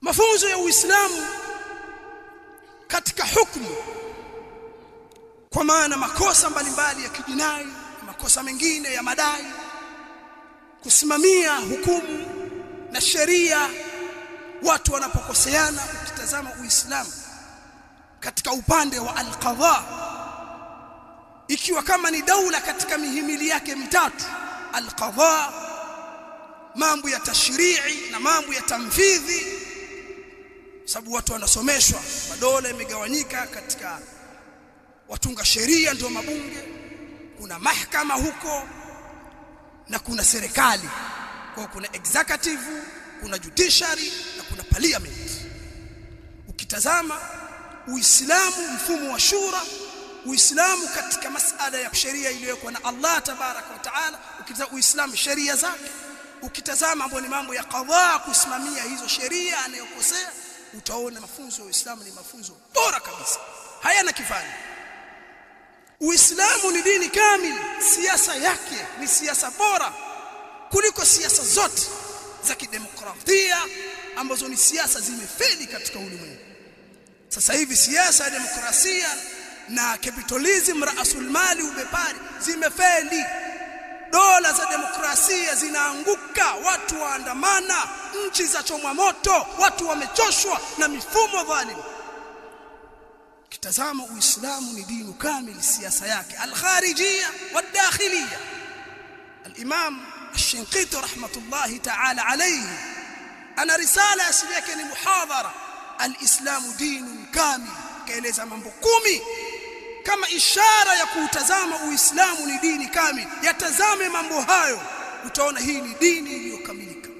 mafunzo ya Uislamu katika hukumu kwa maana makosa mbalimbali ya kijinai makosa mengine ya madai kusimamia hukumu na sheria watu wanapokoseana ukitazama Uislamu katika upande wa alqadha ikiwa kama ni daula katika mihimili yake mitatu alqadha mambo ya tashrii na mambo ya tamfidhi sababu watu wanasomeshwa, madola yamegawanyika katika watunga sheria ndio mabunge, kuna mahakama huko na kuna serikali. Kwa kuna executive, kuna judiciary na kuna parliament. Ukitazama Uislamu, mfumo wa shura, Uislamu katika masala ya sheria iliyowekwa na Allah tabaraka wa taala, ukitazama Uislamu sheria zake, ukitazama ambayo ni mambo ya qadhaa kusimamia hizo sheria anayokosea utaona mafunzo ya Uislamu ni mafunzo bora kabisa hayana kifani Uislamu ni dini kamili siasa yake ni siasa bora kuliko siasa zote za kidemokrasia ambazo ni siasa zimefeli katika ulimwengu sasa hivi siasa ya demokrasia na capitalism raasul mali ubepari zimefeli dola za demokrasia zinaanguka watu waandamana nchi za chomwa moto, watu wamechoshwa na mifumo dhalimu. Kitazama, Uislamu ni dini kamili, siasa yake alkharijia wadakhilia. Al-Imam Ash-Shinqiti rahmatullahi ta'ala alayhi ana risala asili yake ni muhadhara, alislamu islamu dini kamili, kaeleza mambo kumi kama ishara ya kuutazama Uislamu ni dini kamili. Yatazame mambo hayo, utaona hii ni dini iliyokamilika.